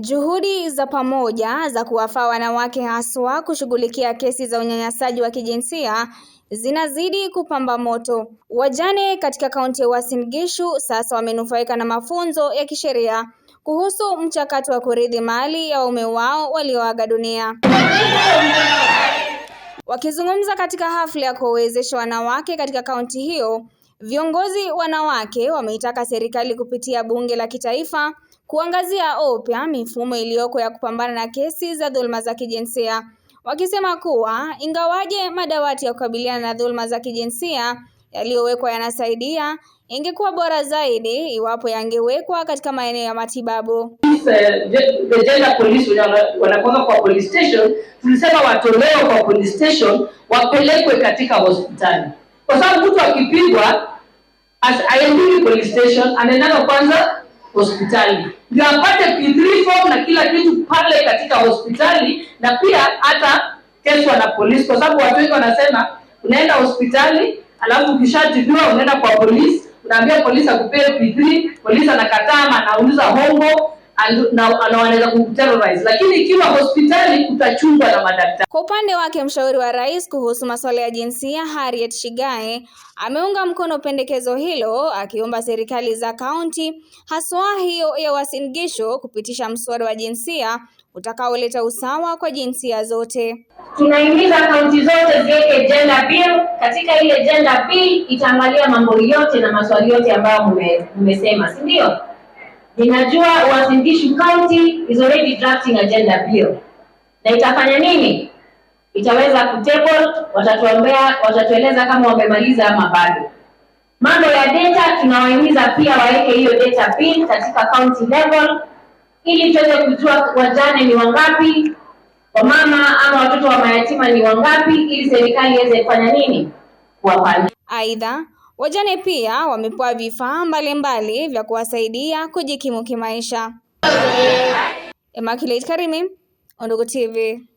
Juhudi za pamoja za kuwafaa wanawake haswa kushughulikia kesi za unyanyasaji wa kijinsia zinazidi kupamba moto. Wajane katika kaunti ya Uasin Gishu sasa wamenufaika na mafunzo ya kisheria kuhusu mchakato wa kurithi mali ya waume wao walioaga dunia. Wakizungumza katika hafla ya kuwawezesha wanawake katika kaunti hiyo, viongozi wanawake wameitaka serikali kupitia bunge la kitaifa kuangazia upya mifumo iliyoko ya kupambana na kesi za dhuluma za kijinsia, wakisema kuwa ingawaje madawati ya kukabiliana na dhuluma za kijinsia yaliyowekwa yanasaidia, ingekuwa bora zaidi iwapo yangewekwa katika maeneo ya matibabu. Uh, the gender police kwa police station, tulisema watolewe kwa police station, wapelekwe katika hospitali, kwa sababu mtu akipigwa aendii police station, kwanza hospitali, ndio apate P3 form na kila kitu pale katika hospitali, na pia hata keswa na polisi, kwa sababu watu wengi wanasema unaenda hospitali alafu ukishatibiwa unaenda kwa polisi, unaambia polisi akupee P3, polisi anakataa, anauliza hongo anaweza kumterrorize, lakini ikiwa hospitali utachungwa na madaktari. Kwa upande wake, mshauri wa rais kuhusu masuala ya jinsia Harriet Shigae ameunga mkono pendekezo hilo, akiomba serikali za kaunti haswa hiyo ya Uasin Gishu kupitisha mswada wa jinsia utakaoleta usawa kwa jinsia zote. Tunahimiza kaunti zote ziweke gender bill. Katika ile gender bill itaangalia mambo yote na maswali yote ambayo mmesema, si ndio? Ninajua Uasin Gishu County is already drafting agenda bill. Na itafanya nini? Itaweza kutable, watatuombea watatueleza kama wamemaliza ama bado. Mambo ya data, tunawahimiza pia waweke hiyo data bill katika county level ili tuweze kujua wajane ni wangapi, wamama ama watoto wa mayatima ni wangapi, ili serikali iweze kufanya nini, kuwapangia. Aidha, Wajane pia wamepewa vifaa mbalimbali vya kuwasaidia kujikimu kimaisha. Immaculate Karimi, Undugu TV.